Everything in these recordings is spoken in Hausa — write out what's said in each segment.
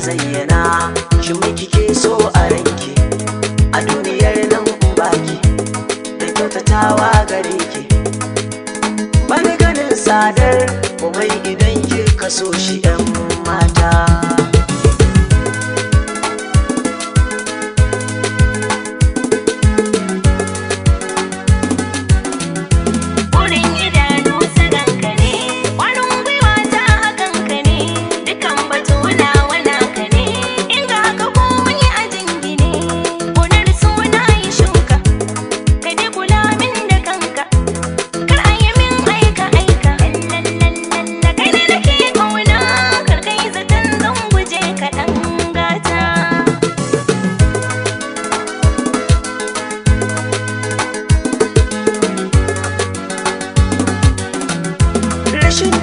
zayyana shi mai kike so a ranke a duniyar nan baki da kyautatawa gare ki? bani ganin sadar kuma idan ki kaso shi 'yan mata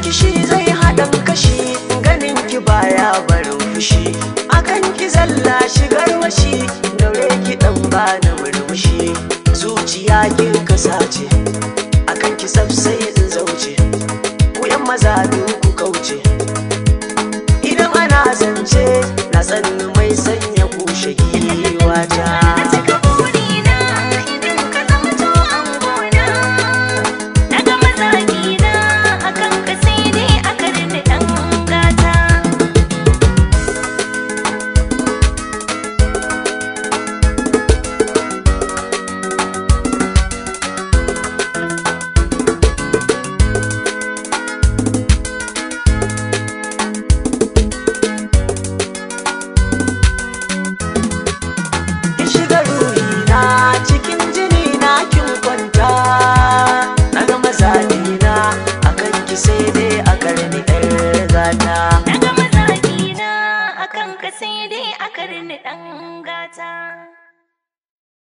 ki shi zai haɗa kashi ganin ki baya barin fushi akan ki zalla shigar mashi daure ki ɗan bani murmushi zuciya kin kasace sai dai a karni ɗan gata.